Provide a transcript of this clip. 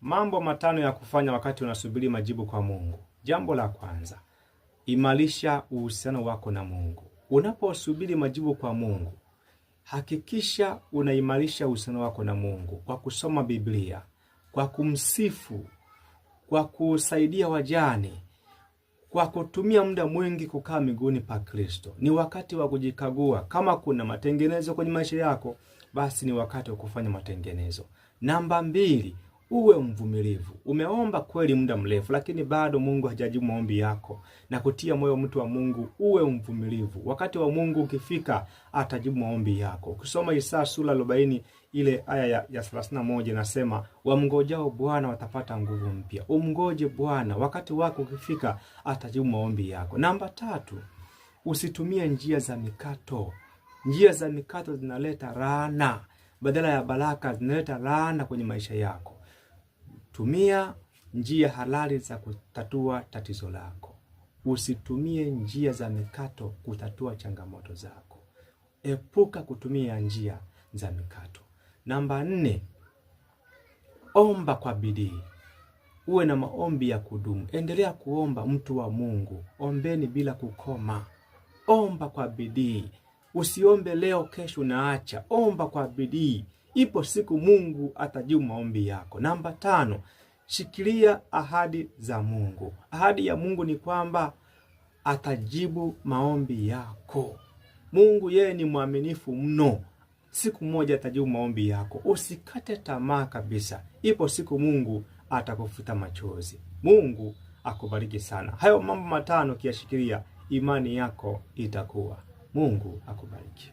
Mambo matano ya kufanya wakati unasubiri majibu kwa Mungu. Jambo la kwanza, imarisha uhusiano wako na Mungu. Unaposubiri majibu kwa Mungu, hakikisha unaimarisha uhusiano wako na Mungu kwa kusoma Biblia, kwa kumsifu, kwa kusaidia wajane, kwa kutumia muda mwingi kukaa miguuni pa Kristo. Ni wakati wa kujikagua. Kama kuna matengenezo kwenye maisha yako, basi ni wakati wa kufanya matengenezo. Namba mbili, uwe mvumilivu. Umeomba kweli muda mrefu, lakini bado Mungu hajajibu maombi yako, na kutia moyo mtu wa Mungu, uwe mvumilivu. Wakati wa Mungu ukifika, atajibu maombi yako. Ukisoma Isaya sura 40 ile aya ya, ya 31 nasema, wamngojao Bwana watapata nguvu mpya. Umngoje Bwana, wakati wako ukifika, atajibu maombi yako. Namba tatu, usitumie njia za mikato. Njia za mikato zinaleta laana badala ya baraka, zinaleta laana kwenye maisha yako. Tumia njia halali za kutatua tatizo lako. Usitumie njia za mikato kutatua changamoto zako. Epuka kutumia njia za mikato. Namba nne, omba kwa bidii, uwe na maombi ya kudumu. Endelea kuomba, mtu wa Mungu, ombeni bila kukoma. Omba kwa bidii, usiombe leo, kesho naacha Omba kwa bidii. Ipo siku Mungu atajibu maombi yako. Namba tano, shikilia ahadi za Mungu. Ahadi ya Mungu ni kwamba atajibu maombi yako. Mungu yeye ni mwaminifu mno, siku moja atajibu maombi yako. Usikate tamaa kabisa, ipo siku Mungu atakufuta machozi. Mungu akubariki sana. Hayo mambo matano kiyashikilia, imani yako itakuwa. Mungu akubariki.